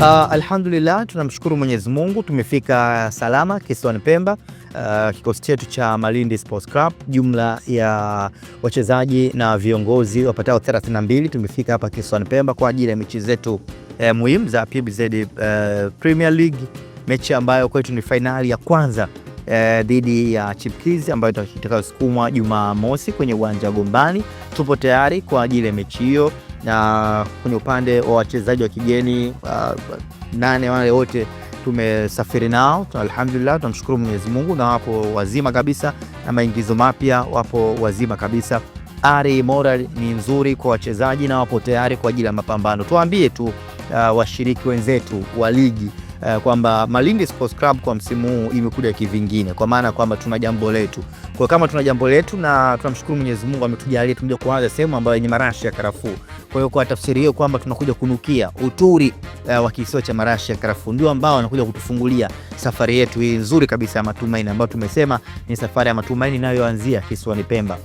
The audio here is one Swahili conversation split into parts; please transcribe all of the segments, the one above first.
Uh, alhamdulillah tunamshukuru Mwenyezi Mungu tumefika salama kisiwani Pemba. Uh, kikosi chetu cha Malindi Sports Club jumla ya wachezaji na viongozi wapatao 32 tumefika hapa kisiwani Pemba kwa ajili ya mechi zetu eh, muhimu za PBZ eh, uh, Premier League, mechi ambayo kwetu ni fainali ya kwanza eh, dhidi ya Chipkizi ambayo itakayosukumwa Jumamosi kwenye uwanja wa Gombani. Tupo tayari kwa ajili ya mechi hiyo na kwenye upande wa wachezaji wa kigeni uh, nane wale wote tumesafiri nao alhamdulillah, tunamshukuru Mwenyezi Mungu, na wapo wazima kabisa, na maingizo mapya wapo wazima kabisa. Ari moral ni nzuri kwa wachezaji na wapo tayari kwa ajili ya mapambano. Tuambie tu uh, washiriki wenzetu wa ligi eh, kwamba Malindi Sports Club kwa msimu huu imekuja kivingine, kwa maana kwamba tuna jambo letu. Kwa kama tuna jambo letu na tunamshukuru Mwenyezi Mungu ametujalia tumeja kuanza sehemu ambayo yenye marashi ya karafuu. Kwa hiyo kwa tafsiri hiyo kwamba tunakuja kunukia uturi eh, wa kisiwa cha marashi ya karafuu, ndio ambao wanakuja kutufungulia safari yetu hii nzuri kabisa ya matumaini, ambayo tumesema ni safari ya matumaini inayoanzia kisiwani Pemba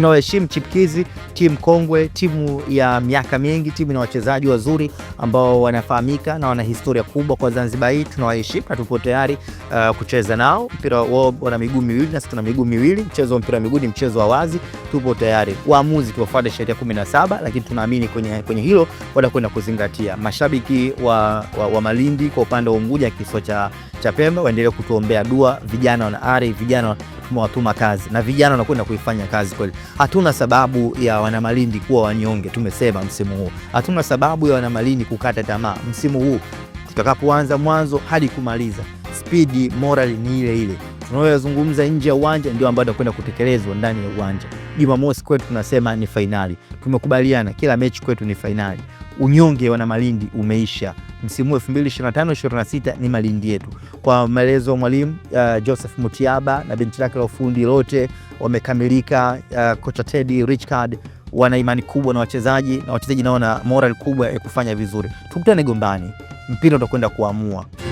tunawaheshimu chipkizi, timu kongwe, timu ya miaka mingi, timu na wachezaji wazuri ambao wanafahamika na wana historia kubwa kwa Zanzibar hii. Tunawaheshimu na tupo tayari uh, kucheza nao mpira wao. Wana miguu miwili na sisi tuna miguu miwili. Mchezo wa mpira wa miguu ni mchezo wa wazi, tupo tayari. Waamuzi tuwafuate sheria 17, lakini tunaamini kwenye, kwenye hilo watakwenda kuzingatia. Mashabiki wa, wa, wa Malindi kwa upande wa Unguja, kisiwa cha Pemba, waendelee kutuombea dua, vijana wana ari, vijana kuwatuma kazi na vijana wanakwenda kuifanya kazi kweli. Hatuna sababu ya wanamalindi kuwa wanyonge, tumesema msimu huu. Hatuna sababu ya wanamalindi kukata tamaa msimu huu, tutakapoanza mwanzo hadi kumaliza, spidi morali ni ile ile tunayoyazungumza nje ya uwanja ndio ambayo tunakwenda kutekelezwa ndani ya uwanja. Jumamosi kwetu tunasema ni fainali, tumekubaliana kila mechi kwetu ni fainali. Unyonge wana Malindi umeisha msimu 2025/26 ni Malindi yetu. Kwa maelezo mwalimu uh, Joseph Mutiaba na benchi lake la ufundi lote wamekamilika. Uh, kocha Teddy Richard wana imani kubwa na wachezaji na wachezaji naona moral kubwa ya kufanya vizuri. Tukutane Gombani, mpira utakwenda kuamua.